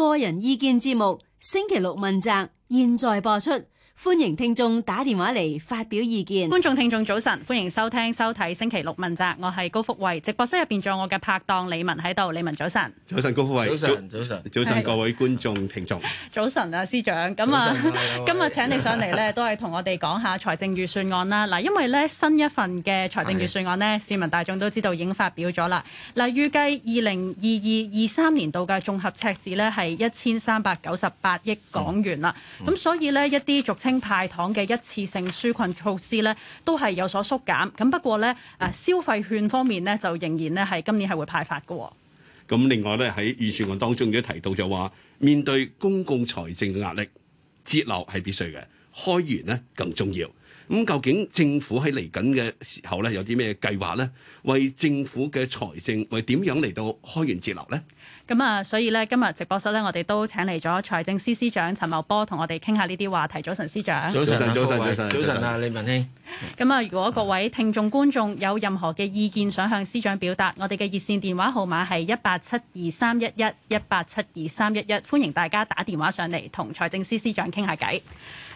個人意見節目，星期六問責，現在播出。歡迎聽眾打電話嚟發表意見。觀眾聽眾早晨，歡迎收聽收睇星期六問責。我係高福慧，直播室入邊仲有我嘅拍檔李文喺度。李文早晨。早晨高福慧，早晨早晨，早晨各位觀眾聽眾，早晨啊司長，咁、嗯、啊、嗯嗯、今日請你上嚟呢，嗯、都係同我哋講下財政預算案啦。嗱，因為呢，新一份嘅財政預算案呢，市民大眾都知道已經發表咗啦。嗱，嗯，預計二零二二二三年度嘅綜合赤字呢，係一千三百九十八億港元啦。咁所以呢，一啲俗稱派糖嘅一次性紓困措施咧，都係有所縮減。咁不過咧，誒消費券方面咧，就仍然咧係今年係會派發嘅。咁另外咧，喺預算案當中亦都提到就話，面對公共財政嘅壓力，節流係必須嘅，開源呢更重要。咁究竟政府喺嚟緊嘅時候咧，有啲咩計劃咧？為政府嘅財政，為點樣嚟到開源節流咧？咁、嗯、啊，所以咧今日直播室咧，我哋都請嚟咗財政司司長陳茂波，同我哋傾下呢啲話題。早晨，司長。早晨，早晨，早晨，早晨啊，李文卿。咁、嗯、啊、嗯，如果各位聽眾觀眾有任何嘅意見想向司長表達，我哋嘅熱線電話號碼係一八七二三一一一八七二三一一，歡迎大家打電話上嚟同財政司司長傾下偈。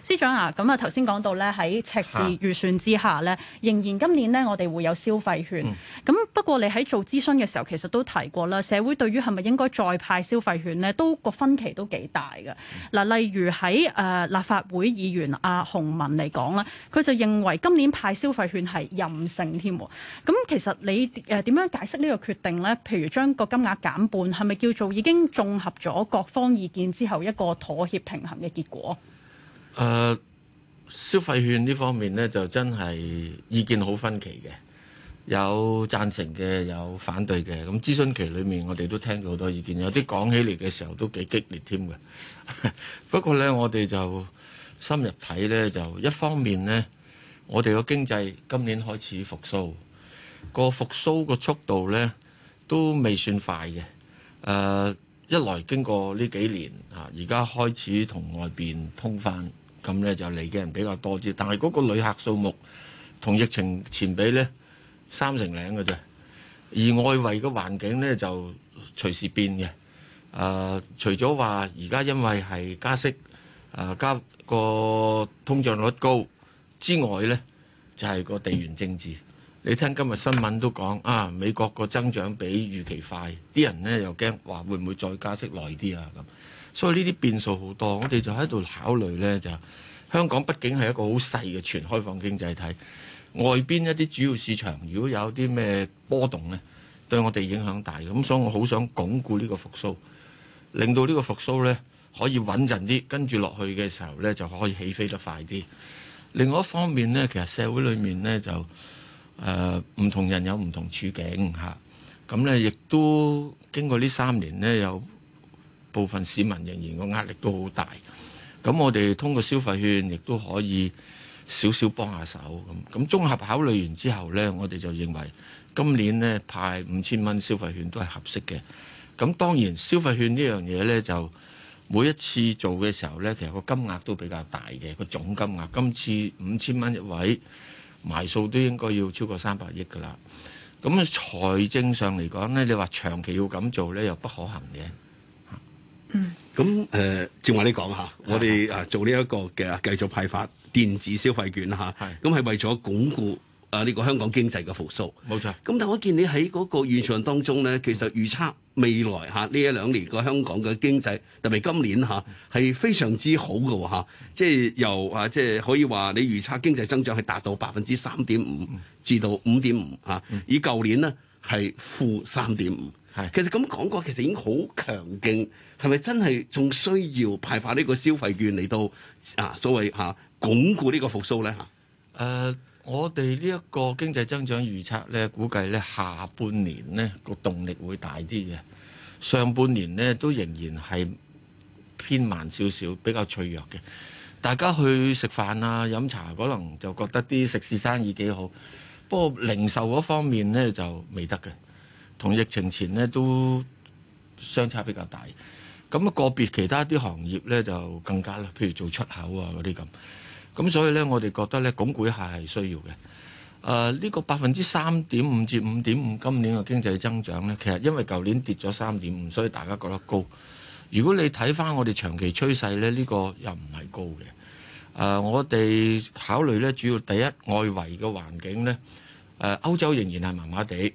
司長啊，咁啊，頭先講到咧，喺赤字預算之下咧，仍然今年咧，我哋會有消費券。咁不過，你喺做諮詢嘅時候，其實都提過啦。社會對於係咪應該再派消費券咧，都個分歧都幾大㗎。嗱，例如喺立法會議員阿洪文嚟講啦，佢就認為今年派消費券係任性添。咁其實你誒點樣解釋呢個決定咧？譬如將個金額減半，係咪叫做已經綜合咗各方意見之後一個妥協平衡嘅結果？誒、uh，消費券呢方面呢，就真係意見好分歧嘅，有贊成嘅，有反對嘅。咁諮詢期裏面，我哋都聽咗好多意見，有啲講起嚟嘅時候都幾激烈添嘅。 不過呢，我哋就深入睇呢，就一方面呢，我哋個經濟今年開始復蘇，個復蘇個速度呢都未算快嘅。誒、uh，一來經過呢幾年，而家開始同外邊通返。咁咧就嚟嘅人比較多啲，但係嗰個旅客數目同疫情前比咧三成零嘅啫。而外圍嘅環境咧就隨時變嘅。誒、呃，除咗話而家因為係加息，誒、呃、加個通脹率高之外咧，就係、是、個地緣政治。你聽今日新聞都講啊，美國個增長比預期快，啲人咧又驚話會唔會再加息耐啲啊咁。所以呢啲變數好多，我哋就喺度考慮呢就香港畢竟係一個好細嘅全開放經濟體，外邊一啲主要市場如果有啲咩波動呢，對我哋影響大嘅，咁所以我好想鞏固呢個復甦，令到呢個復甦呢可以穩陣啲，跟住落去嘅時候呢就可以起飛得快啲。另外一方面呢，其實社會裏面呢就誒唔同人有唔同處境嚇，咁呢亦都經過呢三年呢有。部分市民仍然個壓力都好大，咁我哋通過消費券亦都可以少少幫下手咁。咁綜合考慮完之後咧，我哋就認為今年咧派五千蚊消費券都係合適嘅。咁當然消費券呢樣嘢咧，就每一次做嘅時候咧，其實個金額都比較大嘅，個總金額。今次五千蚊一位，埋數都應該要超過三百億噶啦。咁財政上嚟講咧，你話長期要咁做咧又不可行嘅。嗯，咁誒，正、呃、話你講嚇，我哋啊做呢一個嘅繼續派發電子消費券啦嚇，咁係為咗鞏固啊呢個香港經濟嘅復甦，冇錯。咁但係我見你喺嗰個預算當中咧，其實預測未來嚇呢一兩年個香港嘅經濟，特別今年嚇係非常之好嘅嚇，即係由啊即係可以話你預測經濟增長係達到百分之三點五至到五點五嚇，以舊年呢係負三點五。係。其實咁講過，其實已經好強勁，係咪真係仲需要派發呢個消費券嚟到啊？所謂嚇、啊、鞏固呢個復甦咧嚇。誒、呃，我哋呢一個經濟增長預測咧，估計咧下半年咧個動力會大啲嘅，上半年咧都仍然係偏慢少少，比較脆弱嘅。大家去食飯啊、飲茶，可能就覺得啲食肆生意幾好，不過零售嗰方面咧就未得嘅。同疫情前呢都相差比較大，咁個別其他啲行業呢就更加啦，譬如做出口啊嗰啲咁。咁所以呢，我哋覺得呢，鞏固一下係需要嘅。誒，呢個百分之三點五至五點五今年嘅經濟增長呢，其實因為舊年跌咗三點五，所以大家覺得高。如果你睇翻我哋長期趨勢呢，呢個又唔係高嘅。誒，我哋考慮呢，主要第一外圍嘅環境呢，誒，歐洲仍然係麻麻地。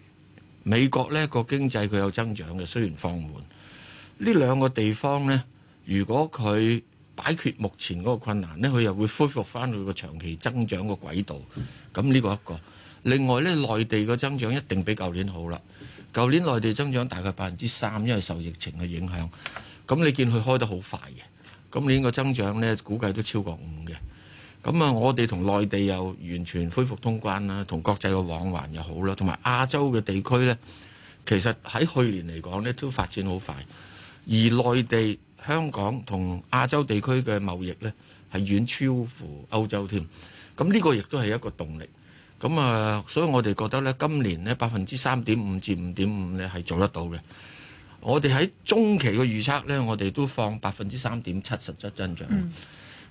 美國呢個經濟佢有增長嘅，雖然放緩。呢兩個地方呢，如果佢擺脫目前嗰個困難，呢佢又會恢復翻佢個長期增長個軌道。咁呢個一個。另外呢，內地個增長一定比舊年好啦。舊年內地增長大概百分之三，因為受疫情嘅影響。咁你見佢開得好快嘅，今年個增長呢，估計都超過五嘅。咁啊，我哋同內地又完全恢復通關啦，同國際嘅往還又好啦，同埋亞洲嘅地區呢，其實喺去年嚟講呢都發展好快。而內地、香港同亞洲地區嘅貿易呢，係遠超乎歐洲添。咁呢個亦都係一個動力。咁啊，所以我哋覺得呢，今年呢，呢，百分之三點五至五點五呢係做得到嘅。我哋喺中期嘅預測呢，我哋都放百分之三點七十七增長。嗯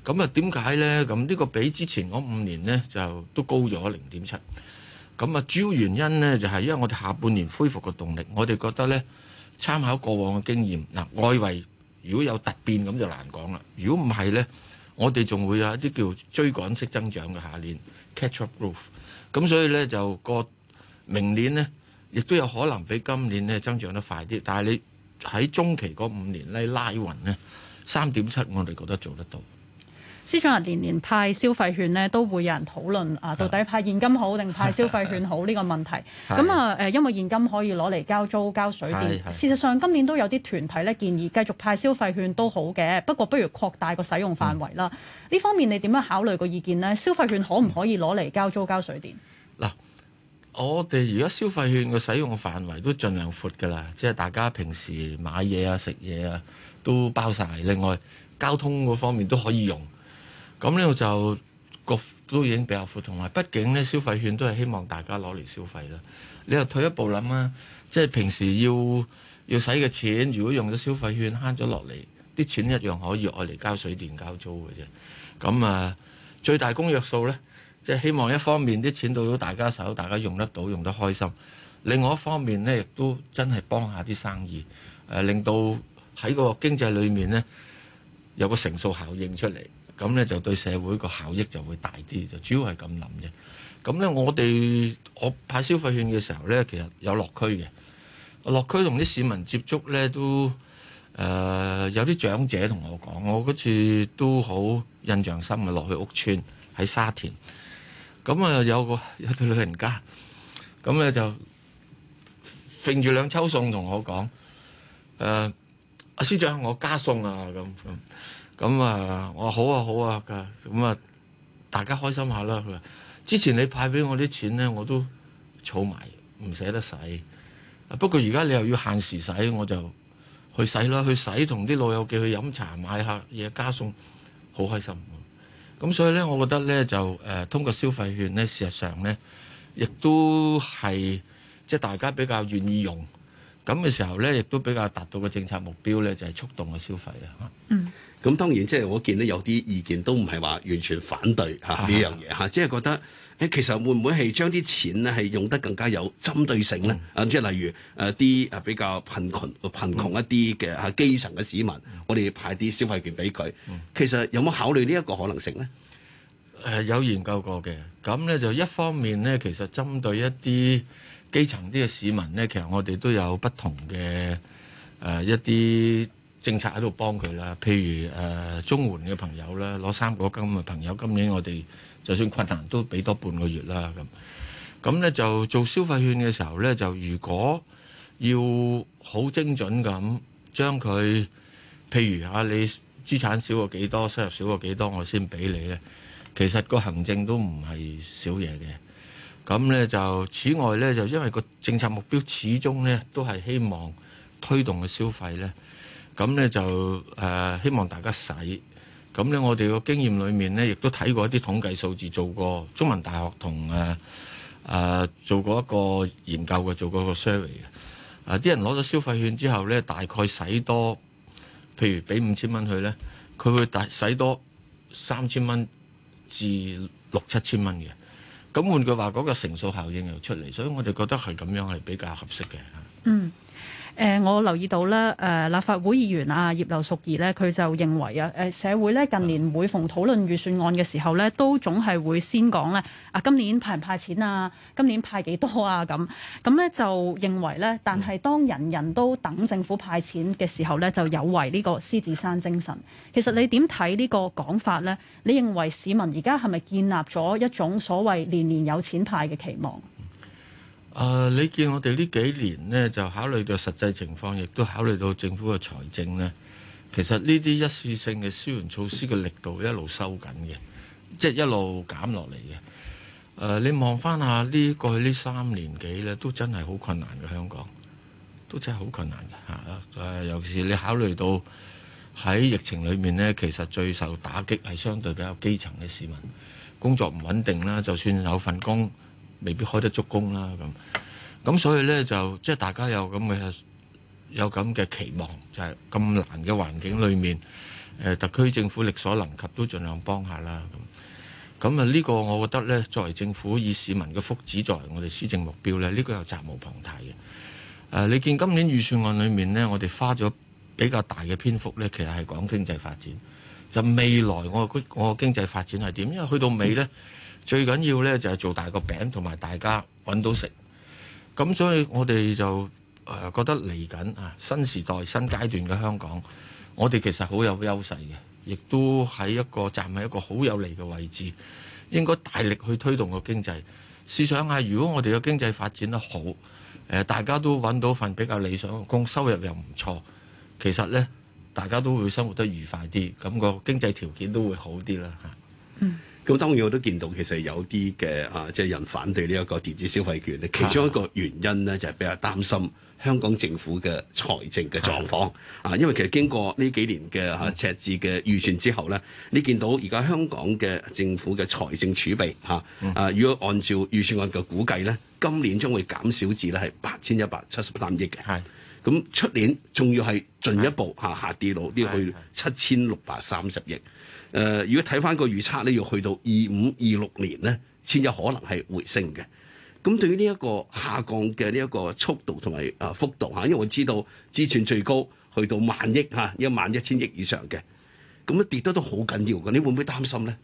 咁啊，點解呢？咁呢個比之前嗰五年呢，就都高咗零點七。咁啊，主要原因呢，就係因為我哋下半年恢復個動力。我哋覺得呢，參考過往嘅經驗，嗱，外圍如果有突變咁就難講啦。如果唔係呢，我哋仲會有一啲叫追趕式增長嘅下年 catch up growth。咁所以呢，就個明年呢，亦都有可能比今年呢增長得快啲。但係你喺中期嗰五年呢，拉勻呢，三點七，我哋覺得做得到。司長話：年年派消費券咧，都會有人討論啊，到底派現金好定派消費券好呢個問題。咁 啊，誒，因為現金可以攞嚟交租交水電。事實上，今年都有啲團體咧建議繼續派消費券都好嘅，不過不如擴大個使用範圍啦。呢、嗯、方面你點樣考慮個意見呢？消費券可唔可以攞嚟交租交水電？嗱、嗯，我哋而家消費券嘅使用範圍都盡量闊㗎啦，即係大家平時買嘢啊、食嘢啊都包晒，另外，交通嗰方面都可以用。咁呢個就個都已經比較寬鬆同埋。畢竟呢，消費券都係希望大家攞嚟消費啦。你又退一步諗啦，即係平時要要使嘅錢，如果用咗消費券慳咗落嚟，啲錢一樣可以愛嚟交水電、交租嘅啫。咁啊，最大公約數呢，即係希望一方面啲錢到到大家手，大家用得到、用得開心；另外一方面呢，亦都真係幫下啲生意，啊、令到喺個經濟裏面呢，有個乘數效應出嚟。咁咧就對社會個效益就會大啲，就主要係咁諗嘅。咁咧我哋我派消費券嘅時候咧，其實有落區嘅，落區同啲市民接觸咧，都誒有啲長者同我講，我嗰次都好印象深啊，落去屋村喺沙田，咁啊有個有對老人家，咁咧就揈住兩抽餸同我講，誒阿司長我加餸啊咁。咁啊！我話好啊，好啊！噶咁啊，大家開心下啦。佢話：之前你派俾我啲錢咧，我都儲埋，唔捨得使。不過而家你又要限時使，我就去使啦。去使同啲老友記去飲茶、買下嘢、加餸，好開心。咁所以咧，我覺得咧就誒，通過消費券咧，事實上咧，亦都係即係大家比較願意用咁嘅時候咧，亦都比較達到個政策目標咧，就係促動個消費啊。嗯。咁當然，即係我見到有啲意見都唔係話完全反對嚇呢樣嘢嚇，即、啊、係、啊啊就係、覺得誒、欸，其實會唔會係將啲錢咧係用得更加有針對性咧、嗯？啊，即係例如誒啲啊比較貧窮、嗯、貧窮一啲嘅嚇基層嘅市民，嗯、我哋派啲消費券俾佢、嗯。其實有冇考慮呢一個可能性咧？誒、呃，有研究過嘅。咁咧就一方面咧，其實針對一啲基層啲嘅市民咧，其實我哋都有不同嘅誒、呃、一啲。政策喺度幫佢啦，譬如誒、呃、綜援嘅朋友啦，攞生果金嘅朋友，今年我哋就算困難都俾多半個月啦。咁咁咧就做消費券嘅時候咧，就如果要好精準咁將佢，譬如啊，你資產少過幾多，收入少過幾多，我先俾你咧，其實個行政都唔係少嘢嘅。咁咧就此外咧，就因為個政策目標始終咧都係希望推動嘅消費咧。咁咧就誒、呃、希望大家使，咁咧我哋個經驗裏面咧，亦都睇過一啲統計數字，做過中文大學同誒誒做過一個研究嘅，做過個 survey 嘅、呃。啊，啲人攞咗消費券之後咧，大概使多，譬如俾五千蚊佢咧，佢會大使多三千蚊至六七千蚊嘅。咁換句話，嗰、嗰個乘數效應又出嚟，所以我哋覺得係咁樣係比較合適嘅嚇。嗯。誒、呃，我留意到咧，誒、呃、立法會議員啊，葉劉淑儀咧，佢就認為啊，誒、呃、社會咧近年每逢討論預算案嘅時候咧，都總係會先講咧，啊今年派唔派錢啊，今年派幾多啊咁，咁咧就認為咧，但係當人人都等政府派錢嘅時候咧，就有違呢個獅子山精神。其實你點睇呢個講法咧？你認為市民而家係咪建立咗一種所謂年年有錢派嘅期望？Uh, 你見我哋呢幾年呢，就考慮到實際情況，亦都考慮到政府嘅財政呢。其實呢啲一次性嘅紓緩措施嘅力度一路收緊嘅，即係一路減落嚟嘅。Uh, 你望翻下呢過去呢三年幾呢，都真係好困難嘅，香港，都真係好困難嘅吓、啊、尤其是你考慮到喺疫情裏面呢，其實最受打擊係相對比較基層嘅市民，工作唔穩定啦，就算有份工，未必開得足工啦，咁咁所以呢，就即係大家有咁嘅有咁嘅期望，就係咁難嘅環境裏面，誒特區政府力所能及都盡量幫下啦。咁咁啊呢個我覺得呢，作為政府以市民嘅福祉作為我哋施政目標呢，呢個又責無旁貸嘅。誒，你見今年預算案裏面呢，我哋花咗比較大嘅篇幅呢，其實係講經濟發展，就未來我個我個經濟發展係點？因為去到尾呢。嗯最緊要呢，就係做大個餅，同埋大家揾到食。咁所以我哋就誒覺得嚟緊啊，新時代、新階段嘅香港，我哋其實好有優勢嘅，亦都喺一個站喺一個好有利嘅位置，應該大力去推動個經濟。試想下，如果我哋嘅經濟發展得好，大家都揾到份比較理想嘅工，收入又唔錯，其實呢，大家都會生活得愉快啲，咁個經濟條件都會好啲啦嚇。嗯。咁當然我都見到其實有啲嘅啊，即係人反對呢一個電子消費券咧。其中一個原因咧就係比較擔心香港政府嘅財政嘅狀況啊。因為其實經過呢幾年嘅啊赤字嘅預算之後咧，你見到而家香港嘅政府嘅財政儲備啊，如果按照預算案嘅估計咧，今年將會減少至咧係八千一百七十三億嘅。咁出年仲要係進一步吓下跌到呢去七千六百三十億。誒，如果睇翻個預測咧，要去到二五、二六年咧，先有可能係回升嘅。咁對於呢一個下降嘅呢一個速度同埋啊幅度嚇，因為我知道之前最高去到萬億嚇，一萬一千億以上嘅，咁啊跌得都好緊要嘅，你會唔會擔心咧？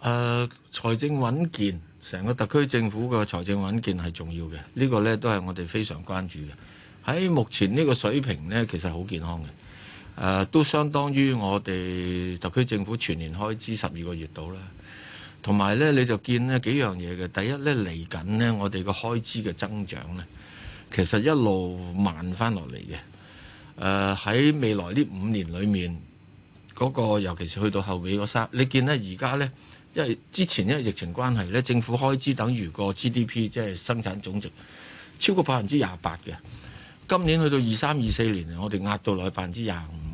誒、啊，財政穩健，成個特區政府嘅財政穩健係重要嘅，呢、呢個咧都係我哋非常關注嘅。喺目前呢個水平咧，其實好健康嘅。誒、啊、都相當於我哋特區政府全年開支十二個月度啦，同埋呢，你就見咧幾樣嘢嘅，第一咧嚟緊咧我哋個開支嘅增長呢，其實一路慢翻落嚟嘅。誒、啊、喺未來呢五年裏面，嗰、那個尤其是去到後尾嗰三，你見呢而家呢，因為之前因為疫情關係咧，政府開支等於個 GDP 即係生產總值超過百分之廿八嘅，今年去到二三二四年我哋壓到落去百分之廿五。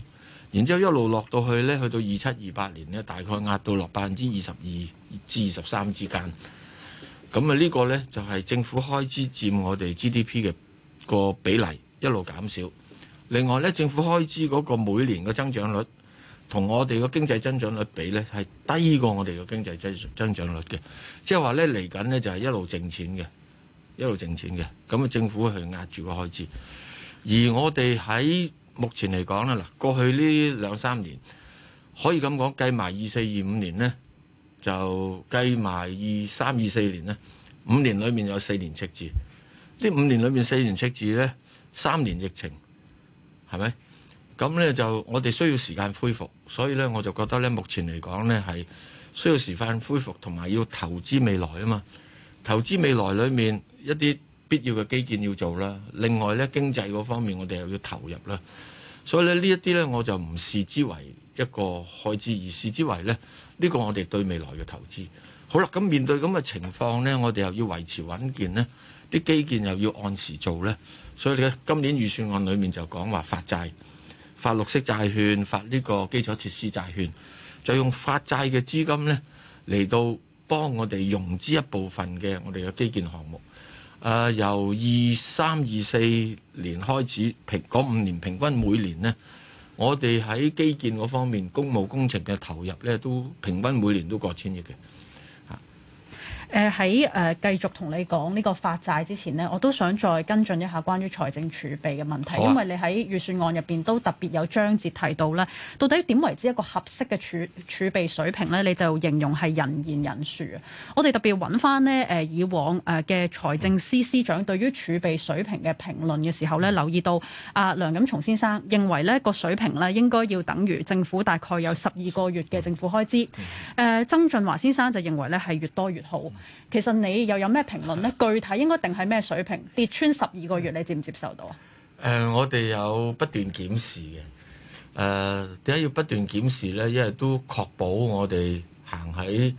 然之後一路落到去呢，去到二七二八年呢，大概壓到落百分之二十二至二十三之間。咁啊，呢個呢，就係、是、政府開支佔我哋 GDP 嘅個比例一路減少。另外呢，政府開支嗰個每年嘅增長率同我哋嘅經濟增長率比呢，係低過我哋嘅經濟增增長率嘅。即係話呢，嚟緊呢就係一路剩錢嘅，一路剩錢嘅。咁啊，政府係壓住個開支，而我哋喺目前嚟講啦，嗱，過去呢兩三年可以咁講，計埋二四二五年呢，就計埋二三二四年呢。五年裏面有四年赤字，呢五年裏面四年赤字呢，三年疫情，係咪？咁呢，就我哋需要時間恢復，所以呢，我就覺得呢，目前嚟講呢，係需要時間恢復，同埋要投資未來啊嘛，投資未來裏面一啲。必要嘅基建要做啦，另外咧，經濟嗰方面，我哋又要投入啦，所以咧呢一啲咧，我就唔視之為一個開支，而視之為咧，呢個我哋對未來嘅投資。好啦，咁面對咁嘅情況咧，我哋又要維持穩健咧，啲基建又要按時做咧，所以咧今年預算案裏面就講話發債、發綠色債券、發呢個基礎設施債券，就用發債嘅資金咧嚟到幫我哋融資一部分嘅我哋嘅基建項目。誒、呃、由二三二四年開始，平嗰五年平均每年呢，我哋喺基建嗰方面，公務工程嘅投入呢，都平均每年都過千億嘅。誒喺誒繼續同你講呢個發債之前呢，我都想再跟進一下關於財政儲備嘅問題，啊，因為你喺預算案入面都特別有章節提到咧，到底點為之一個合適嘅儲儲備水平咧？你就形容係人言人殊。我哋特別揾翻呢、呃、以往嘅、呃、財政司司長對於儲備水平嘅評論嘅時候咧，留意到、呃、梁錦松先生認為咧，個水平咧應該要等於政府大概有十二個月嘅政府開支，誒、嗯呃、曾俊華先生就認為咧係越多越好。嗯其實你又有咩評論呢？具體應該定喺咩水平？跌穿十二個月，你接唔接受到啊？誒、呃，我哋有不斷檢視嘅。誒、呃，點解要不斷檢視呢？因為都確保我哋行喺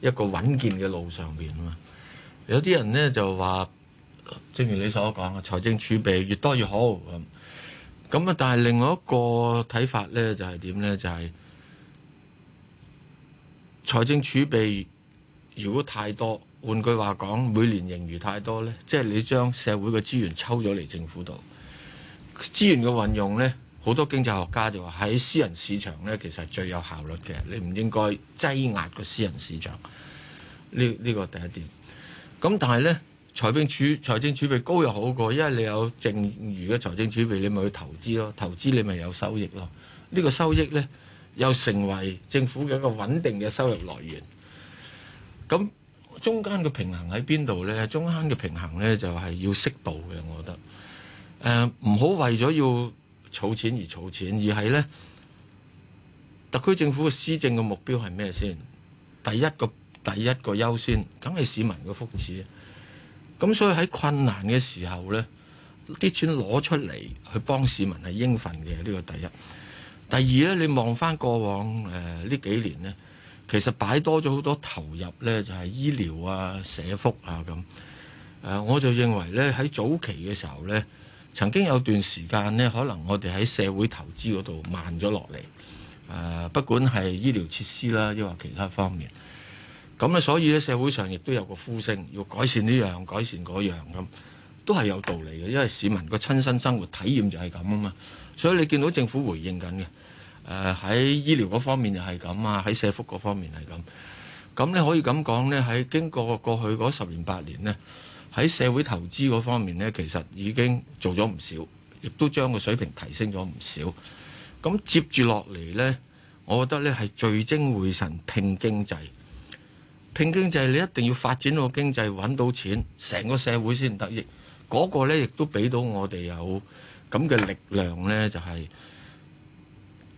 一個穩健嘅路上面啊嘛。有啲人呢就話，正如你所講啊，財政儲備越多越好咁。咁、嗯、啊，但係另外一個睇法呢，就係、是、點呢？就係、是、財政儲備。如果太多，換句話講，每年盈餘太多呢，即係你將社會嘅資源抽咗嚟政府度，資源嘅運用呢，好多經濟學家就話喺私人市場呢，其實最有效率嘅，你唔應該擠壓個私人市場。呢呢個第一點。咁但係呢，財政儲財政儲備高又好過，因為你有剩餘嘅財政儲備，你咪去投資咯，投資你咪有收益咯。呢個收益呢，又成為政府嘅一個穩定嘅收入來源。咁中間嘅平衡喺邊度呢？中間嘅平衡呢，就係要適度嘅，我覺得。誒唔好為咗要儲錢而儲錢，而係呢特區政府嘅施政嘅目標係咩先？第一個第一個優先，梗係市民嘅福祉。咁所以喺困難嘅時候呢，啲錢攞出嚟去幫市民係應份嘅。呢個第一。第二呢，你望翻過往誒呢幾年呢。其實擺多咗好多投入呢，就係醫療啊、社福啊咁。我就認為呢，喺早期嘅時候呢，曾經有段時間呢，可能我哋喺社會投資嗰度慢咗落嚟。不管係醫療設施啦，亦或者其他方面。咁、啊、咧，所以呢，社會上亦都有個呼聲，要改善呢樣、改善嗰樣咁，都係有道理嘅，因為市民個親身生活體驗就係咁啊嘛。所以你見到政府回應緊嘅。誒，喺醫療嗰方面又係咁啊，喺社福嗰方面係咁。咁你可以咁講呢，喺經過過去嗰十年八年呢，喺社會投資嗰方面呢，其實已經做咗唔少，亦都將個水平提升咗唔少。咁接住落嚟呢，我覺得呢係聚精會神拼經濟，拼經濟你一定要發展到個經濟揾到錢，成個社會先得益。嗰、那個呢亦都俾到我哋有咁嘅力量呢，就係、是。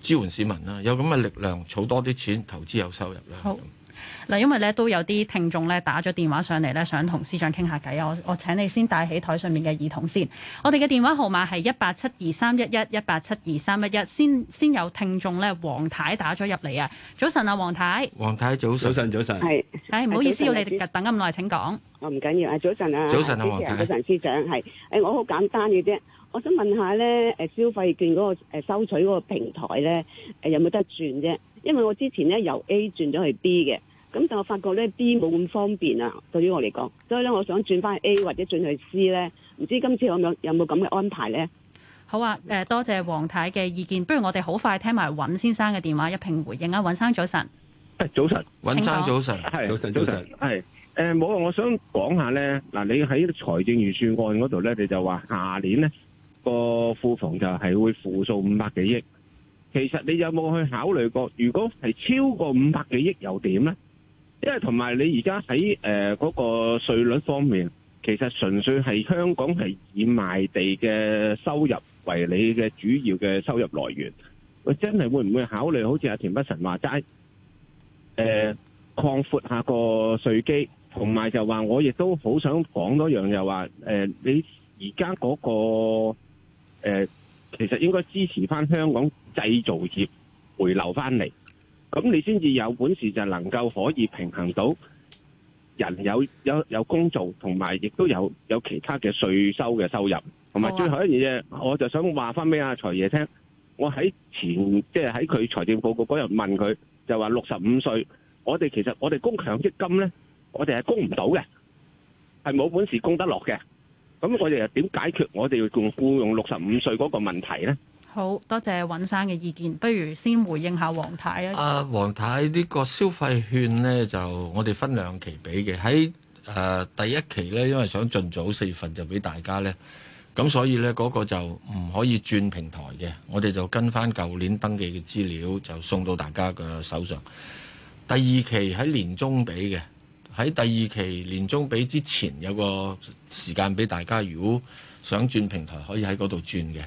支援市民啦，有咁嘅力量，儲多啲錢投資有收入啦。好嗱，因為咧都有啲聽眾咧打咗電話上嚟咧，想同司長傾下偈啊！我我請你先帶起台上面嘅耳筒先。我哋嘅電話號碼係一八七二三一一一八七二三一一，先先有聽眾咧，黃太打咗入嚟啊！早晨啊，黃太。黃太早。早晨，早晨。係。誒、哎，唔好意思，要你哋等咁耐，請講。我唔緊要啊，早晨啊。早晨啊，黃太，早晨，早晨司長係。誒，我好簡單嘅啫。我想問下咧，誒消費券嗰個收取嗰個平台咧，誒、呃、有冇得轉啫？因為我之前咧由 A 轉咗去 B 嘅，咁但我發覺咧 B 冇咁方便啊，對於我嚟講，所以咧我想轉翻 A 或者轉去 C 咧，唔知今次我有冇有冇咁嘅安排咧？好啊，誒、呃、多謝黃太嘅意見，不如我哋好快聽埋尹先生嘅電話一併回應啊，尹生早晨，早晨，尹生早晨，係早晨早晨。係誒冇啊，我想講下咧，嗱你喺財政預算案嗰度咧，你就話下年咧。個庫房就係會負數五百幾億，其實你有冇去考慮過，如果係超過五百幾億又點呢？因為同埋你而家喺誒嗰個稅率方面，其實純粹係香港係以賣地嘅收入為你嘅主要嘅收入來源。我真係會唔會考慮好似阿田北辰話齋，誒擴闊下個稅基，同埋就話我亦都好想講一樣就話，誒、呃、你而家嗰個。誒、呃，其實應該支持翻香港製造業回流翻嚟，咁你先至有本事就能夠可以平衡到人有有有工做，同埋亦都有有其他嘅稅收嘅收入，同埋最後一樣嘢，Oh. 我就想話翻俾阿財爺聽，我喺前即係喺佢財政報告嗰日問佢，就話六十五歲，我哋其實我哋供強積金咧，我哋係供唔到嘅，係冇本事供得落嘅。咁我哋又點解決我哋要僱用六十五歲嗰個問題呢？好多謝尹生嘅意見，不如先回應下黃太啊。啊，黃太呢、呢個消費券呢，就我哋分兩期俾嘅，喺、呃、第一期呢，因為想盡早四月份就俾大家呢，咁所以呢，嗰、嗰個就唔可以轉平台嘅，我哋就跟翻舊年登記嘅資料就送到大家嘅手上。第二期喺年中俾嘅。喺第二期年中比之前有個時間俾大家，如果想轉平台，可以喺嗰度轉嘅。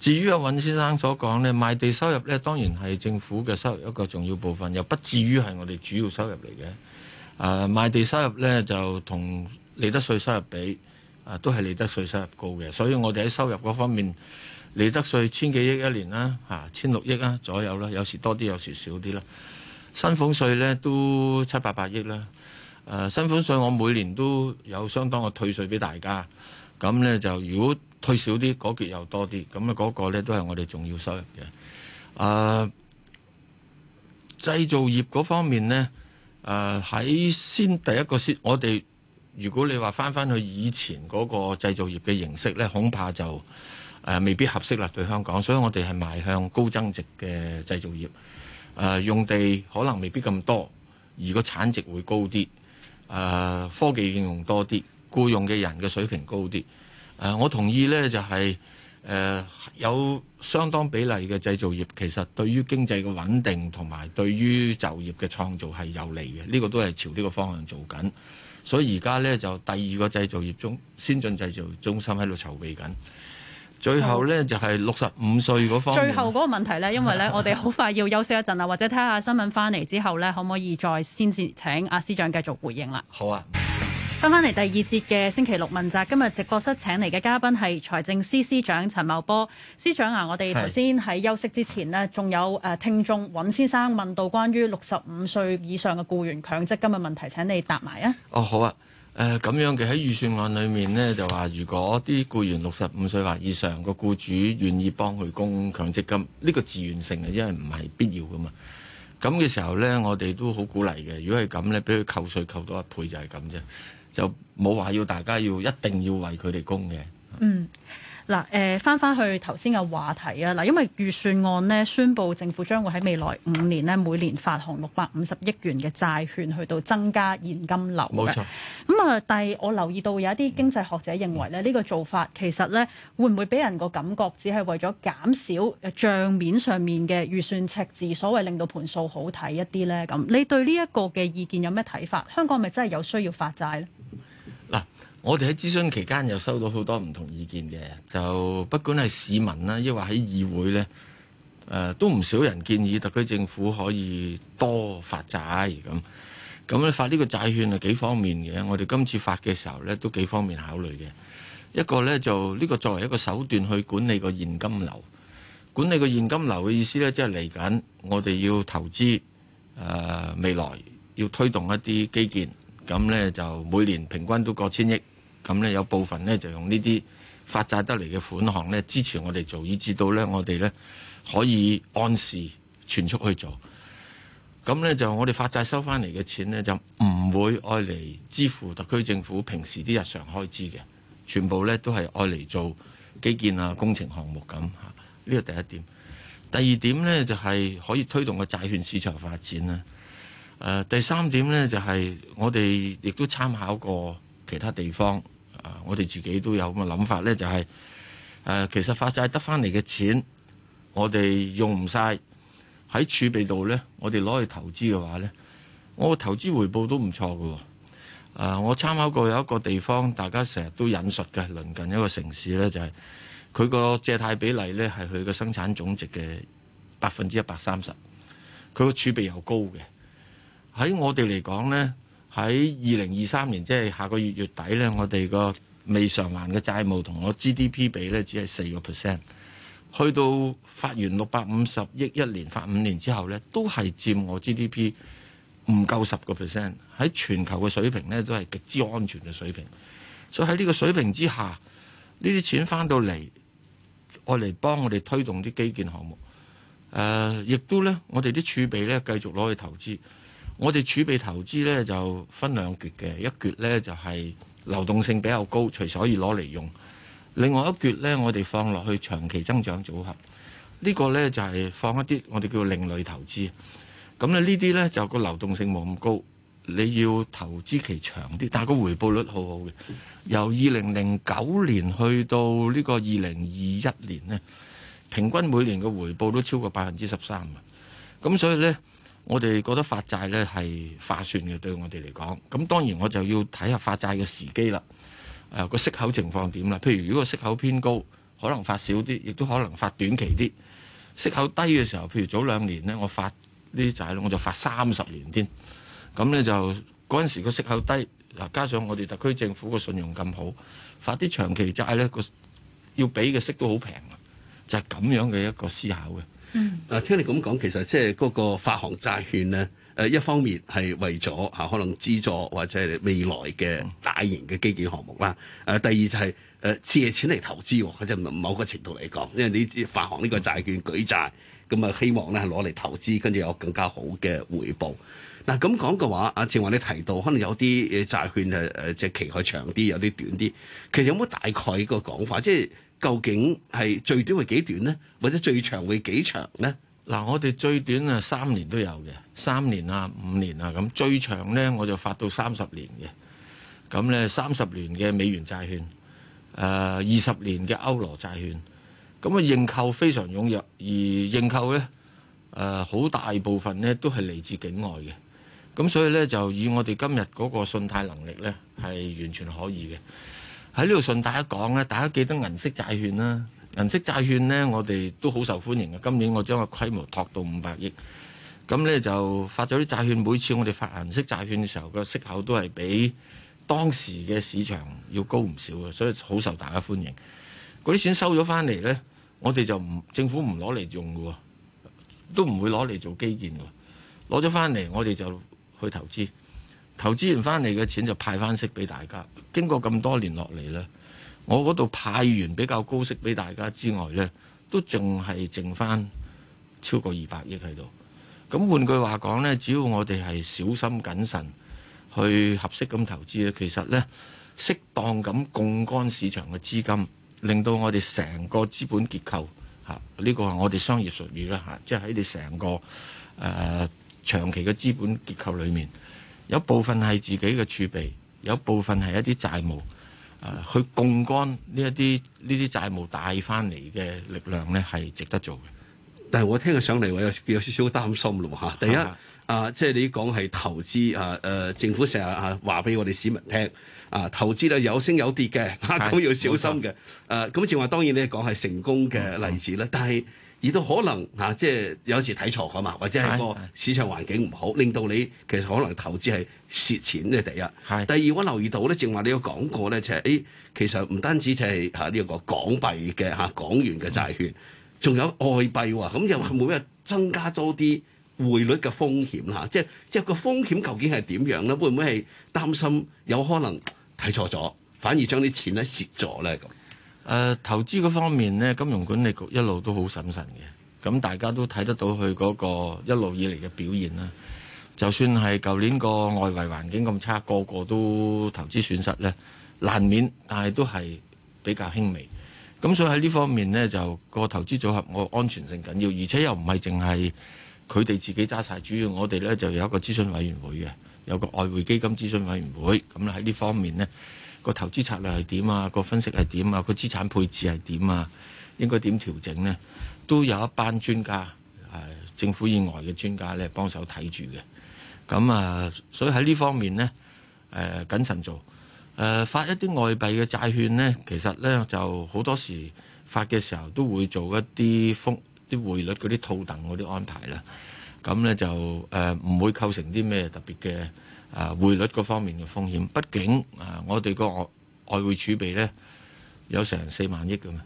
至於阿尹先生所講咧，賣地收入咧，當然係政府嘅收入，一個重要部分，又不至於係我哋主要收入嚟嘅。啊，賣地收入咧就同利得稅收入比啊，都係利得稅收入高嘅。所以我哋喺收入嗰方面，利得稅千幾億一年啦，吓、啊、千六億啊左右啦，有時多啲，有時少啲啦。薪俸稅咧都七八百億啦。誒，薪俸稅我每年都有相當嘅退稅俾大家，咁呢，就如果退少啲，嗰、那、結、個、又多啲，咁呢嗰個呢都係我哋重要收入嘅。誒、呃，製造業嗰方面呢，誒、呃、喺先第一個先，我哋如果你話返返去以前嗰個製造業嘅形式呢，恐怕就誒、呃、未必合適啦對香港，所以我哋係邁向高增值嘅製造業。誒、呃，用地可能未必咁多，而個產值會高啲。誒，科技應用多啲，僱用嘅人嘅水平高啲。誒，我同意呢、就是，就係誒有相當比例嘅製造業，其實對於經濟嘅穩定同埋對於就業嘅創造係有利嘅。呢、呢個都係朝呢個方向做緊。所以而家呢，就第二個製造業中先進製造業中心喺度籌備緊。最後呢，oh. 就係六十五歲嗰方面。最後嗰個問題呢，因為呢，我哋好快要休息一陣啊， 或者睇下新聞翻嚟之後呢，可唔可以再先先請阿司長繼續回應啦？好啊，翻返嚟第二節嘅星期六問責，今日直播室請嚟嘅嘉賓係財政司司長陳茂波司長啊，我哋頭先喺休息之前呢，仲有誒聽眾尹先生問到關於六十五歲以上嘅僱員強積金嘅問題，請你答埋啊。哦，oh，好啊。誒、呃、咁樣嘅喺預算案裏面呢，就話如果啲僱員六十五歲或以上個僱主願意幫佢供強積金，呢、這個自願性嘅，因為唔係必要噶嘛。咁嘅時候呢，我哋都好鼓勵嘅。如果係咁呢，俾佢扣稅扣到一倍就係咁啫，就冇話要大家要一定要為佢哋供嘅。嗯。嗱，誒，翻翻去頭先嘅話題啊！嗱，因為預算案咧，宣布政府將會喺未來五年咧，每年發行六百五十億元嘅債券，去到增加現金流嘅。冇錯。咁啊，但係我留意到有一啲經濟學者認為咧，呢個做法其實咧，會唔會俾人個感覺，只係為咗減少帳面上面嘅預算赤字，所謂令到盤數好睇一啲咧？咁，你對呢一個嘅意見有咩睇法？香港係咪真係有需要發債咧？我哋喺諮詢期間又收到好多唔同意見嘅，就不管係市民啦、啊，抑或喺議會呢，誒、呃、都唔少人建議特區政府可以多發債咁。咁咧發呢個債券係幾方面嘅，我哋今次發嘅時候呢，都幾方面考慮嘅。一個呢，就呢、這個作為一個手段去管理個現金流，管理個現金流嘅意思呢，即係嚟緊我哋要投資誒、呃、未來要推動一啲基建，咁呢，就每年平均都過千億。咁呢，有部分呢，就用呢啲發債得嚟嘅款項呢，支持我哋做，以至到呢，我哋呢，可以按時全速去做。咁呢，就我哋發債收翻嚟嘅錢呢，就唔會愛嚟支付特區政府平時啲日常開支嘅，全部呢，都係愛嚟做基建啊工程項目咁吓，呢個第一點。第二點呢，就係、是、可以推動個債券市場發展啦。誒、呃、第三點呢，就係、是、我哋亦都參考過其他地方。啊！我哋自己都有咁嘅諗法咧，就係誒，其實發晒得翻嚟嘅錢，我哋用唔晒。喺儲備度咧，我哋攞去投資嘅話咧，我個投資回報都唔錯嘅喎。啊！我參考過有一個地方，大家成日都引述嘅，鄰近一個城市咧，就係佢個借貸比例咧係佢嘅生產總值嘅百分之一百三十，佢個儲備又高嘅。喺我哋嚟講咧。喺二零二三年，即係下個月月底呢，我哋個未償還嘅債務同我 GDP 比呢，只係四個 percent。去到發完六百五十億，一年，發五年之後呢，都係佔我 GDP 唔夠十個 percent。喺全球嘅水平呢，都係極之安全嘅水平。所以喺呢個水平之下，呢啲錢翻到嚟，我嚟幫我哋推動啲基建項目。誒、呃，亦都呢，我哋啲儲備呢，繼續攞去投資。我哋儲備投資呢，就分兩橛嘅，一橛呢，就係流動性比較高，隨時可以攞嚟用；另外一橛呢，我哋放落去長期增長組合，呢個呢，就係放一啲我哋叫另類投資。咁呢啲呢，就個流動性冇咁高，你要投資期長啲，但係個回報率好好嘅。由二零零九年去到呢個二零二一年呢，平均每年嘅回報都超過百分之十三啊！咁所以呢。我哋覺得發債咧係劃算嘅，對我哋嚟講，咁當然我就要睇下發債嘅時機啦。誒、啊，個息口情況點啦？譬如如果個息口偏高，可能發少啲，亦都可能發短期啲。息口低嘅時候，譬如早兩年呢，我發呢啲債咧，我就發三十年添。咁呢，就嗰陣時個息口低，嗱加上我哋特區政府個信用咁好，發啲長期債呢，個要俾嘅息都好平就係、是、咁樣嘅一個思考嘅。嗯，啊，聽你咁講，其實即係嗰個發行債券咧，誒一方面係為咗可能資助或者未來嘅大型嘅基建項目啦。誒第二就係借錢嚟投資喎，或者即係某個程度嚟講，因為你發行呢個債券舉債，咁啊希望咧攞嚟投資，跟住有更加好嘅回報。嗱咁講嘅話，啊，正話你提到，可能有啲債券誒即係期海長啲，有啲短啲，其實有冇大概個講法，即係？究竟係最短係幾短呢？或者最長會幾長呢？嗱，我哋最短啊三年都有嘅，三年啊五年啊咁。最長呢，我就發到三十年嘅，咁呢，三十年嘅美元債券，誒、呃、二十年嘅歐羅債券，咁啊認購非常踴躍，而認購呢，誒、呃、好大部分呢都係嚟自境外嘅，咁所以呢，就以我哋今日嗰個信貸能力呢，係完全可以嘅。喺呢度順帶一講咧，大家記得銀色債券啦。銀色債券咧，我哋都好受歡迎嘅。今年我將個規模託到五百億，咁咧就發咗啲債券。每次我哋發銀色債券嘅時候，個息口都係比當時嘅市場要高唔少嘅，所以好受大家歡迎。嗰啲錢收咗返嚟咧，我哋就唔政府唔攞嚟用嘅，都唔會攞嚟做基建嘅，攞咗返嚟我哋就去投資。投資完翻嚟嘅錢就派翻息俾大家。經過咁多年落嚟呢，我嗰度派完比較高息俾大家之外呢，都淨係剩翻超過二百億喺度。咁換句話講呢，只要我哋係小心謹慎去合適咁投資咧，其實呢適當咁槓桿市場嘅資金，令到我哋成個資本結構呢、呢個係我哋商業術語啦，即係喺你成個誒、呃、長期嘅資本結構裏面。有部分係自己嘅儲備，有部分係一啲債務，誒、呃、去槓桿呢一啲呢啲債務帶翻嚟嘅力量咧係值得做嘅。但係我聽佢上嚟，我有有少少擔心咯嚇。第一啊，即係你講係投資啊誒，政府成日嚇話俾我哋市民聽啊，投資咧有升有跌嘅，啊，都要小心嘅。誒咁正話當然你講係成功嘅例子啦，嗯嗯，但係。亦都可能吓、啊，即係有時睇錯㗎嘛，或者係個市場環境唔好，令到你其實可能投資係蝕錢嘅第一。第二，我留意到咧，正話你有講過咧，就係誒，其實唔單止就係吓呢一個港幣嘅吓港元嘅債券，仲有外幣喎，咁又會唔會增加多啲匯率嘅風險吓、啊？即係即係個風險究竟係點樣咧？會唔會係擔心有可能睇錯咗，反而將啲錢咧蝕咗咧咁？誒、啊、投資嗰方面呢，金融管理局一路都好審慎嘅，咁大家都睇得到佢嗰個一路以嚟嘅表現啦。就算係舊年個外圍環境咁差，個個都投資損失呢，難免，但係都係比較輕微。咁所以喺呢方面呢，就、個投資組合我安全性緊要，而且又唔係淨係佢哋自己揸晒。主要我哋呢，就有一個諮詢委員會嘅，有個外匯基金諮詢委員會，咁喺呢方面呢。個投資策略係點啊？個分析係點啊？個資產配置係點啊？應該點調整呢？都有一班專家，誒政府以外嘅專家咧幫手睇住嘅。咁啊，所以喺呢方面呢，誒謹慎做。誒發一啲外幣嘅債券呢，其實呢就好多時發嘅時候都會做一啲風、啲匯率嗰啲套戥嗰啲安排啦。咁呢，就誒唔會構成啲咩特別嘅。啊，匯率嗰方面嘅風險，畢竟我哋個外匯儲備呢，有成四萬億嘅嘛。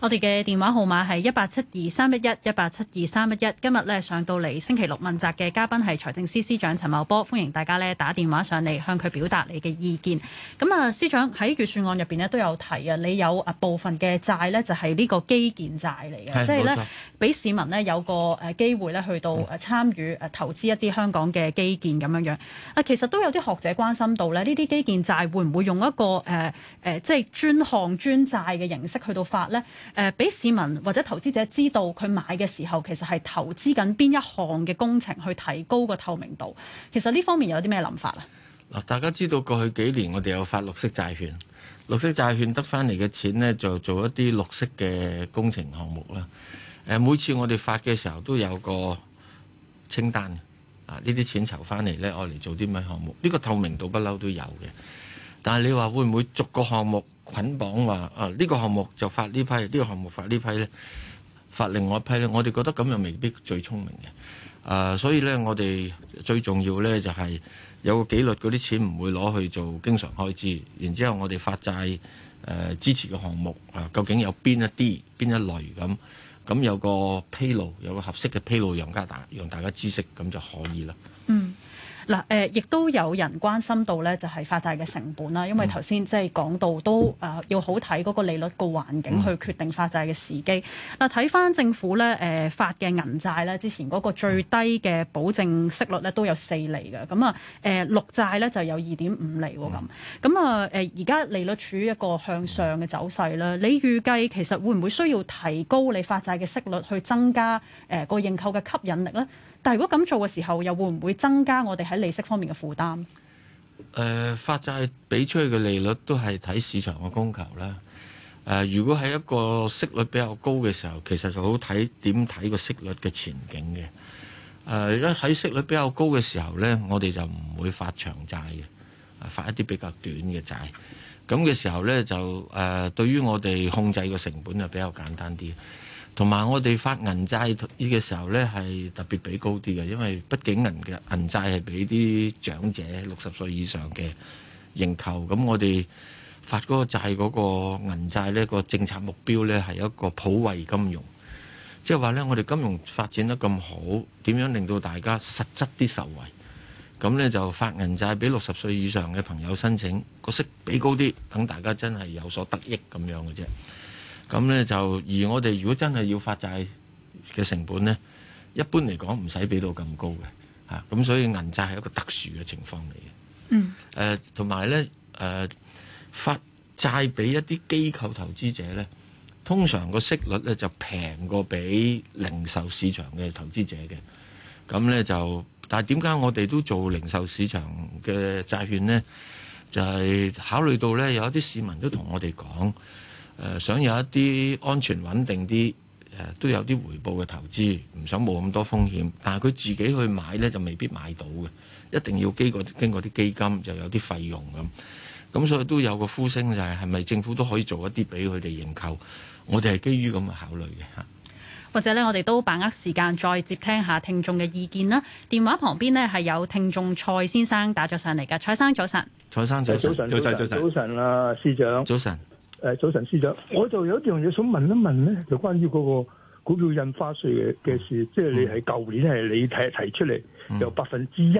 我哋嘅電話號碼係一八七二三一一一八七二三一一。今日咧上到嚟星期六問責嘅嘉賓係財政司司長陳茂波，歡迎大家咧打電話上嚟向佢表達你嘅意見。咁啊，司長喺預算案入面咧都有提啊，你有啊部分嘅債咧就係呢個基建債嚟嘅，即係咧俾市民咧有個誒機會咧去到誒參與誒投資一啲香港嘅基建咁樣樣。啊，其實都有啲學者關心到咧，呢啲基建債會唔會用一個、呃、即係專項專債嘅形式去到發咧？誒，俾市民或者投資者知道佢買嘅時候，其實係投資緊邊一項嘅工程，去提高個透明度。其實呢方面有啲咩諗法啊？嗱，大家知道過去幾年我哋有發綠色債券，綠色債券得翻嚟嘅錢呢，就做一啲綠色嘅工程項目啦。誒，每次我哋發嘅時候都有個清單啊，呢啲錢籌翻嚟呢，我嚟做啲咩項目？呢個透明度不嬲都有嘅，但係你話會唔會逐個項目？捆綁，話誒，呢個項目就發呢批，呢、呢個項目發呢批呢，發另外一批咧，我哋覺得咁又未必最聰明嘅。誒、啊，所以呢，我哋最重要呢，就係、是、有個紀律，嗰啲錢唔會攞去做經常開支。然之後我哋發債誒、呃、支持嘅項目啊，究竟有邊一啲邊一類咁，咁有個披露，有個合適嘅披露讓，讓大家讓大家知悉，咁就可以啦。嗯。嗱，誒，亦都有人關心到咧，就係發債嘅成本啦，因為頭先即係講到都誒，要好睇嗰個利率個環境去決定發債嘅時機。嗱，睇翻政府咧，誒發嘅銀債咧，之前嗰個最低嘅保證息率咧都有四厘嘅，咁啊，誒綠債咧就有二點五厘喎，咁，咁啊，而家利率處於一個向上嘅走勢啦，你預計其實會唔會需要提高你發債嘅息率去增加誒個認購嘅吸引力咧？但如果咁做嘅時候，又會唔會增加我哋喺利息方面嘅負擔？誒、呃，發債俾出去嘅利率都係睇市場嘅供求啦。誒、呃，如果係一個息率比較高嘅時候，其實就好睇點睇個息率嘅前景嘅。而家喺息率比較高嘅時候呢，我哋就唔會發長債嘅，發一啲比較短嘅債。咁嘅時候呢，就誒、呃、對於我哋控制個成本就比較簡單啲。同埋我哋發銀債呢嘅時候呢，係特別俾高啲嘅，因為畢竟銀嘅銀債係俾啲長者六十歲以上嘅認購。咁我哋發嗰個債嗰個銀債呢個政策目標呢，係一個普惠金融，即係話呢，我哋金融發展得咁好，點樣令到大家實質啲受惠？咁呢，就發銀債俾六十歲以上嘅朋友申請，個息俾高啲，等大家真係有所得益咁樣嘅啫。咁咧就而我哋如果真係要發債嘅成本咧，一般嚟講唔使俾到咁高嘅吓，咁所以銀債係一個特殊嘅情況嚟嘅。嗯，同埋咧發債俾一啲機構投資者咧，通常個息率咧就平過俾零售市場嘅投資者嘅。咁咧就，但係點解我哋都做零售市場嘅債券咧？就係考慮到咧有一啲市民都同我哋講。誒、呃、想有一啲安全穩定啲，誒、呃、都有啲回報嘅投資，唔想冇咁多風險。但係佢自己去買呢，就未必買到嘅，一定要經過經過啲基金，就有啲費用咁。咁所以都有個呼聲就係，是，係咪政府都可以做一啲俾佢哋認購？我哋係基於咁嘅考慮嘅嚇。或者呢，我哋都把握時間再接聽下聽眾嘅意見啦。電話旁邊呢，係有聽眾蔡先生打咗上嚟嘅，蔡生早晨。蔡生早晨，早晨早晨啦，司長早晨。誒，早晨，司長，我就有一樣嘢想問一問咧，就關於嗰個股票印花稅嘅嘅事，即係你係舊年係你提提出嚟，由百分之一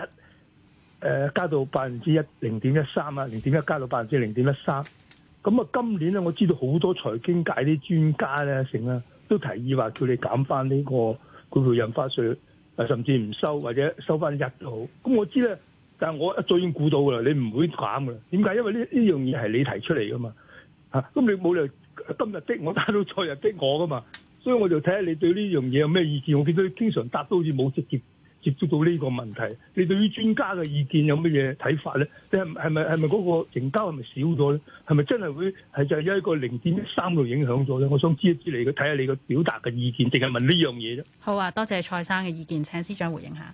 誒加到百分之一零點一三啊，零點一加到百分之零點一三。咁、嗯、啊，今年咧，我知道好多財經界啲專家咧，成啊都提議話叫你減翻呢個股票印花稅，甚至唔收或者收翻一都好咁、嗯、我知咧，但係我一早已經估到㗎喇，你唔會減噶啦，點解？因為呢呢樣嘢係你提出嚟噶嘛。吓、啊，咁你冇理由今日的，我打到再日的我噶嘛，所以我就睇下你對呢樣嘢有咩意見。我見到你經常答都好似冇直接接觸到呢個問題。你對於專家嘅意見有乜嘢睇法咧？你係係咪係咪嗰個成交係咪少咗咧？係咪真係會係就係一個零點一三度影響咗咧？我想知一知看看你，睇下你個表達嘅意見，淨係問這件事呢樣嘢啫。好啊，多謝蔡生嘅意見，請司長回應下。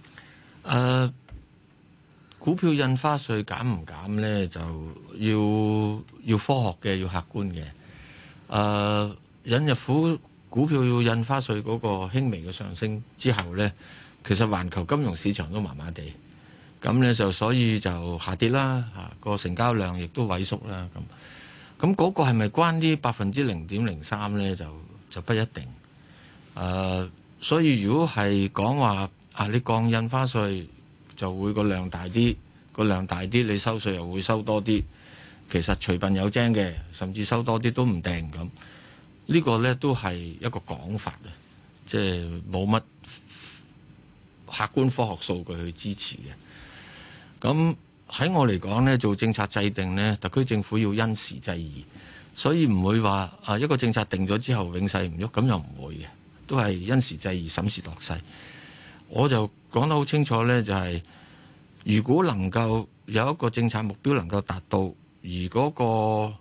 誒、uh...。股票印花稅減唔減呢？就要要科學嘅，要客觀嘅。誒、呃，引入股股票印花稅嗰個輕微嘅上升之後呢，其實環球金融市場都麻麻地，咁呢，就所以就下跌啦，嚇、啊、個成交量亦都萎縮啦。咁咁嗰個係咪關啲百分之零點零三呢？就就不一定。誒、啊，所以如果係講話啊，你降印花稅，就會個量大啲，個量大啲，你收稅又會收多啲。其實隨便有精嘅，甚至收多啲都唔定咁。呢個呢，都係一個講法嘅，即係冇乜客觀科學數據去支持嘅。咁喺我嚟講呢，做政策制定呢，特區政府要因時制宜，所以唔會話啊一個政策定咗之後永世唔喐，咁又唔會嘅，都係因時制宜、審時度勢。我就講得好清楚呢，就係如果能夠有一個政策目標能夠達到，而嗰個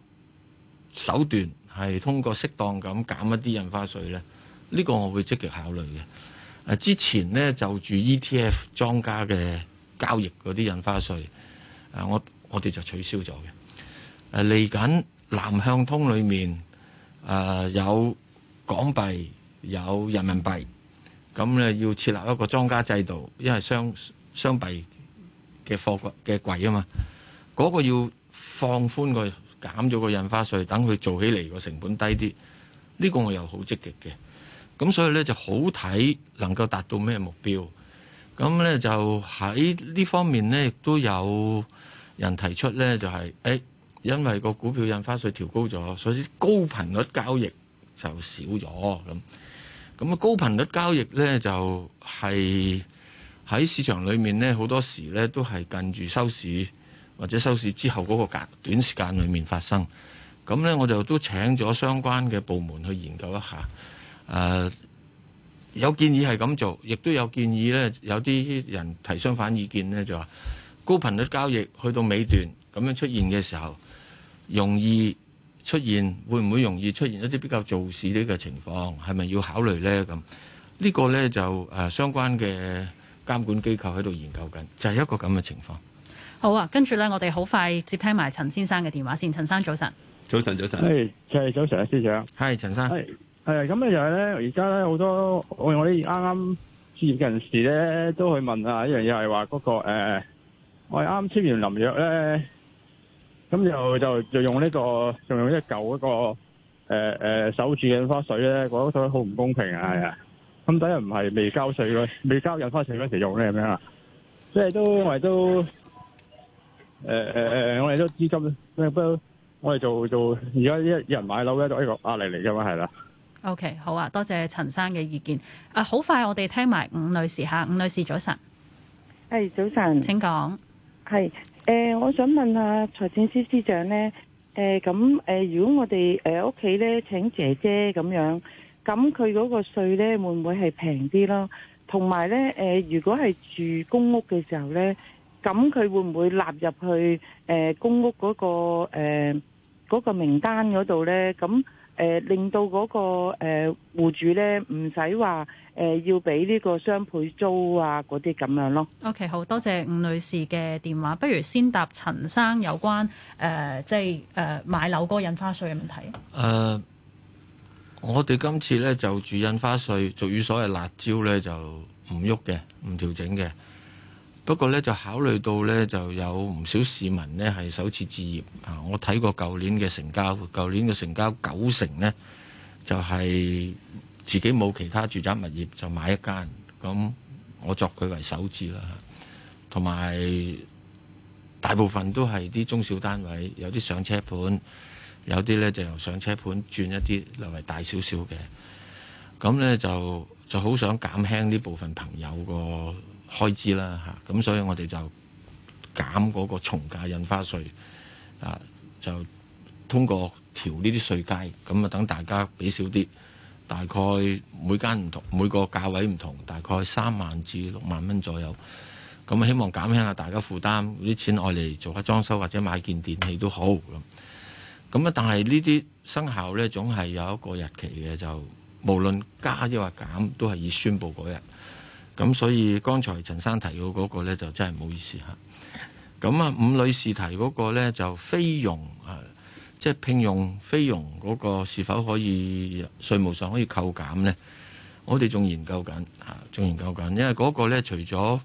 手段係通過適當咁減一啲印花稅呢，呢個我會積極考慮嘅。之前呢，就住 ETF 莊家嘅交易嗰啲印花稅，我我哋就取消咗嘅。嚟緊南向通裏面，有港幣，有人民幣。咁咧要設立一個莊家制度，因為雙雙幣嘅貨櫃嘅櫃啊嘛，嗰個要放寬個減咗個印花稅，等佢做起嚟個成本低啲，呢個我又好積極嘅。咁所以咧就好睇能夠達到咩目標。咁咧就喺呢方面咧，亦都有人提出咧，就係誒，因為個股票印花稅調高咗，所以高頻率交易就少咗咁。咁啊，高頻率交易呢，就係、是、喺市場裏面呢，好多時呢都係近住收市或者收市之後嗰個短短時間裏面發生。咁呢，我就都請咗相關嘅部門去研究一下。誒、啊，有建議係咁做，亦都有建議呢。有啲人提相反意見呢，就話高頻率交易去到尾段咁樣出現嘅時候，容易出現會唔會容易出現一啲比較造市啲嘅情況？係咪要考慮咧？咁、這、呢個咧就誒相關嘅監管機構喺度研究緊，就係、是、一個咁嘅情況。好啊，跟住咧，我哋好快接聽埋陳先生嘅電話先。陳先生早，早晨，早晨 hey, 早晨，係陳生早晨啊，司長，係陳先生，係係咁咧，就係咧，而家咧好多我哋啱啱專業嘅人士咧，都去問啊一,一樣嘢係話嗰個誒、呃，我啱簽完臨約咧。咁又就就用呢個，仲用一舊嗰個誒誒守住印花稅咧，我覺得好唔公平啊，係啊！咁、嗯、等一唔係未交稅嗰，未交印花稅嗰陣時用咧咁樣啦，即係都我哋都誒誒誒，我哋都,、呃呃、都資金，咩都我哋做做，而家一人買樓咧就一個壓力嚟㗎嘛，係啦。OK，好啊，多謝陳生嘅意見。啊，好快我哋聽埋伍女士嚇，伍女士早晨，係早晨，請講，係。誒，我想問下財政司司長呢，誒，咁誒，如果我哋喺屋企呢請姐姐咁樣，咁佢嗰個稅呢會唔會係平啲咯？同埋呢，誒，如果係住公屋嘅時候呢，咁佢會唔會納入去誒公屋嗰個誒嗰個名單嗰度呢？咁？誒令到嗰、嗰個誒戶、呃、主咧唔使話誒要俾呢個雙倍租啊嗰啲咁樣咯。OK，好多謝吳女士嘅電話。不如先答陳生有關誒、呃、即係誒、呃、買樓嗰印花稅嘅問題。誒、呃，我哋今次咧就住印花稅，俗語所謂辣椒咧就唔喐嘅，唔調整嘅。不過呢，就考慮到呢，就有唔少市民呢係首次置業。啊，我睇過舊年嘅成交，舊年嘅成交九成呢就係、是、自己冇其他住宅物業就買一間。咁我作佢為首置啦。同埋大部分都係啲中小單位，有啲上車盤，有啲呢就由上車盤轉一啲略為大少少嘅。咁呢，就就好想減輕呢部分朋友個。開支啦吓，咁所以我哋就減嗰個重價印花稅，啊就通過調呢啲稅階，咁啊等大家俾少啲，大概每間唔同，每個價位唔同，大概三萬至六萬蚊左右，咁希望減輕下大家負擔，啲錢愛嚟做下裝修或者買件電器都好咁。咁啊但係呢啲生效呢，總係有一個日期嘅，就無論加抑或減都係以宣佈嗰日。咁所以剛才陳生提到嗰個咧就真係唔好意思嚇。咁啊，伍女士提嗰個咧就非傭啊，即係、就是、聘用非傭嗰個是否可以稅務上可以扣減咧？我哋仲研究緊啊，仲研究緊，因為嗰個咧除咗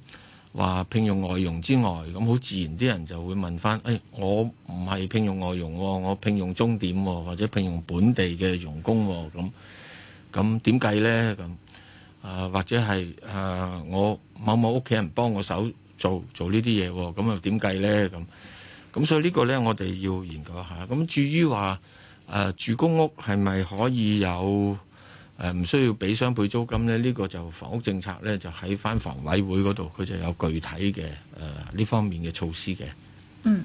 話聘用外傭之外，咁好自然啲人就會問翻，誒、哎，我唔係聘用外傭喎、哦，我聘用鐘點喎、哦，或者聘用本地嘅傭工喎、哦，咁咁點計咧？咁誒、啊、或者係誒、啊、我某某屋企人幫我手做做呢啲嘢喎，咁、啊、又點計呢？咁，咁所以呢個呢，我哋要研究一下。咁至於話誒、啊、住公屋係咪可以有唔、啊、需要俾雙倍租金呢？呢、呢個就房屋政策呢，就喺翻房委會嗰度，佢就有具體嘅誒呢方面嘅措施嘅。嗯。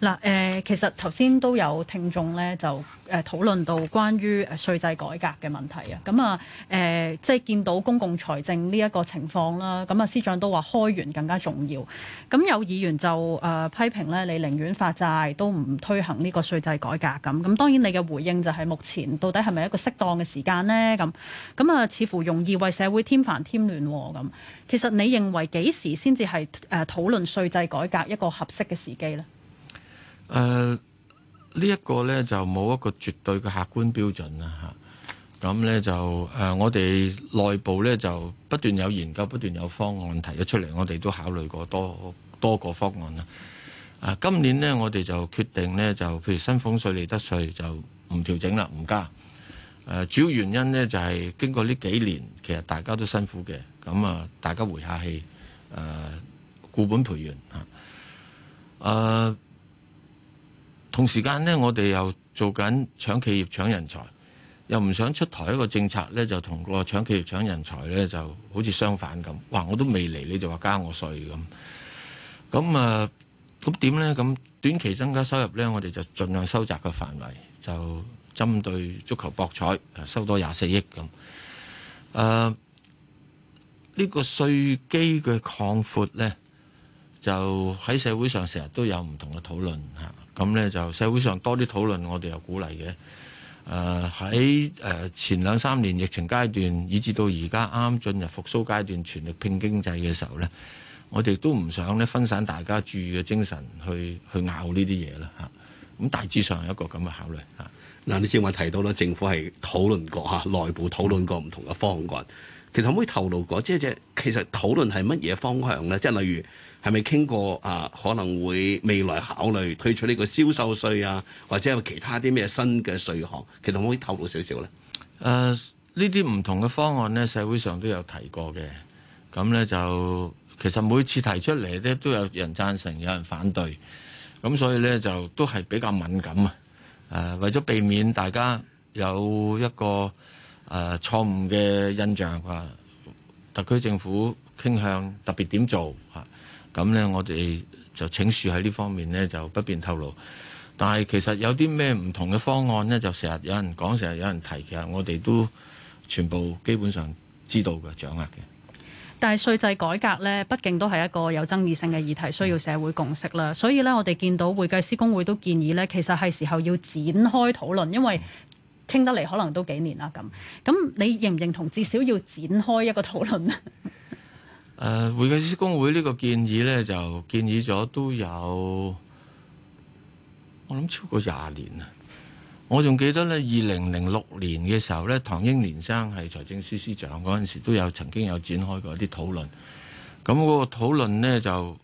嗱，誒，其實頭先都有聽眾咧，就誒討論到關於稅制改革嘅問題啊。咁啊，誒，即係見到公共財政呢一個情況啦。咁啊，司長都話開源更加重要。咁有議員就誒批評咧，你寧願發債都唔推行呢個稅制改革咁。咁當然你嘅回應就係目前到底係咪一個適當嘅時間咧？咁咁啊，似乎容易為社會添煩添亂咁。其實你認為幾時先至係誒討論稅制改革一個合適嘅時機咧？誒呢一個呢就冇一個絕對嘅客觀標準啦嚇。咁、啊、呢就誒、啊，我哋內部呢就不斷有研究，不斷有方案提咗出嚟，我哋都考慮過多多個方案啦、啊。今年呢，我哋就決定呢，就譬如薪俸稅、利得稅就唔調整啦，唔加。誒、啊、主要原因呢就係、是、經過呢幾年，其實大家都辛苦嘅，咁啊大家回下氣誒，固、啊、本培元嚇。誒、啊。同時間呢，我哋又做緊搶企業搶人才，又唔想出台一個政策呢，就同個搶企業搶人才呢就好似相反咁。哇！我都未嚟，你就話加我稅咁。咁啊，咁點呢？咁短期增加收入呢，我哋就盡量收窄個範圍，就針對足球博彩收多廿四億咁。誒，呢個稅基嘅擴闊呢，就喺社會上成日都有唔同嘅討論吓。咁咧就社會上多啲討論，我哋又鼓勵嘅。誒喺誒前兩三年疫情階段，以至到而家啱啱進入復甦階段，全力拼經濟嘅時候咧，我哋都唔想咧分散大家注意嘅精神去去拗呢啲嘢啦嚇。咁大致上係一個咁嘅考慮嚇。嗱、嗯，你先話提到啦，政府係討論過嚇，內部討論過唔同嘅方案、嗯。其實可唔可以透露過，即係即係其實討論係乜嘢方向咧？即係例如。係咪傾過啊？可能會未來考慮推出呢個銷售稅啊，或者有其他啲咩新嘅稅項，其實可唔可以透露少少咧？誒、呃，呢啲唔同嘅方案咧，社會上都有提過嘅。咁咧就其實每次提出嚟咧，都有人贊成，有人反對。咁所以咧就都係比較敏感啊。誒、呃，為咗避免大家有一個誒、呃、錯誤嘅印象，啊，特區政府傾向特別點做啊？咁咧，我哋就請恕喺呢方面呢，就不便透露。但係其實有啲咩唔同嘅方案呢，就成日有人講，成日有人提，其實我哋都全部基本上知道嘅、掌握嘅。但係稅制改革呢，畢竟都係一個有爭議性嘅議題，需要社會共識啦、嗯。所以呢，我哋見到會計師公會都建議呢，其實係時候要展開討論，因為傾得嚟可能都幾年啦。咁咁，你認唔認同？至少要展開一個討論呢？誒、呃、會計師公會呢個建議呢，就建議咗都有，我諗超過廿年啦。我仲記得呢，二零零六年嘅時候呢，唐英年生係財政司司長嗰陣時，都有曾經有展開過一啲討論。咁嗰個討論呢就，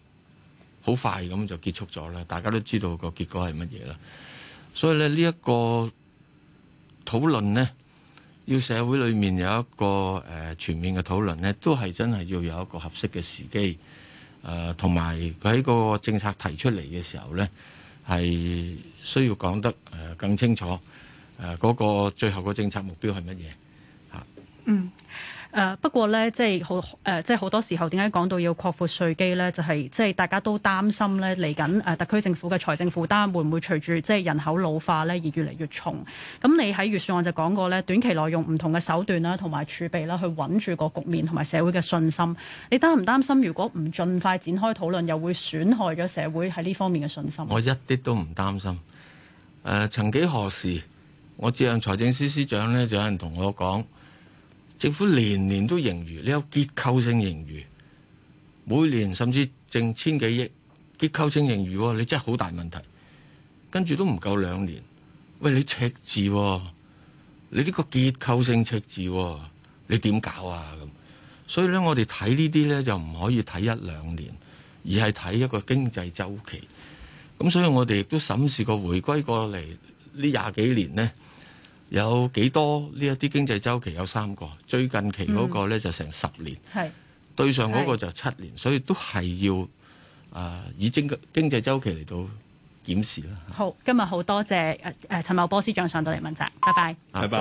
好快咁就結束咗啦。大家都知道個結果係乜嘢啦。所以呢，呢一個討論呢，要社會裏面有一個、呃、全面嘅討論呢，都係真係要有一個合適嘅時機，同埋佢喺個政策提出嚟嘅時候呢，係需要講得更清楚，誒、呃、嗰、那個最後個政策目標係乜嘢嚇？嗯。誒不過呢，即係好誒，即係好多時候點解講到要擴闊稅基呢？就係即係大家都擔心呢嚟緊誒特區政府嘅財政負擔會唔會隨住即係人口老化呢而越嚟越重？咁你喺預算案就講過呢，短期內用唔同嘅手段啦，同埋儲備啦，去穩住個局面同埋社會嘅信心。你擔唔擔心？如果唔盡快展開討論，又會損害咗社會喺呢方面嘅信心？我一啲都唔擔心。呃，曾幾何時，我任財政司司長呢，就有人同我講。政府年年都盈餘，你有結構性盈餘，每年甚至剩千幾億結構性盈餘，你真係好大問題。跟住都唔夠兩年，喂，你赤字，你呢個結構性赤字，你點搞啊？咁所以咧，我哋睇呢啲咧就唔可以睇一兩年，而係睇一個經濟周期。咁所以我哋亦都審視過回歸過嚟呢廿幾年咧。有幾多呢？一啲經濟周期有三個，最近期嗰個咧、嗯、就成十年，對上嗰個就七年，是所以都係要啊、呃、以經經濟周期嚟到檢視啦。好，今日好多謝誒誒、呃、陳茂波司長上到嚟問責，拜拜。拜拜。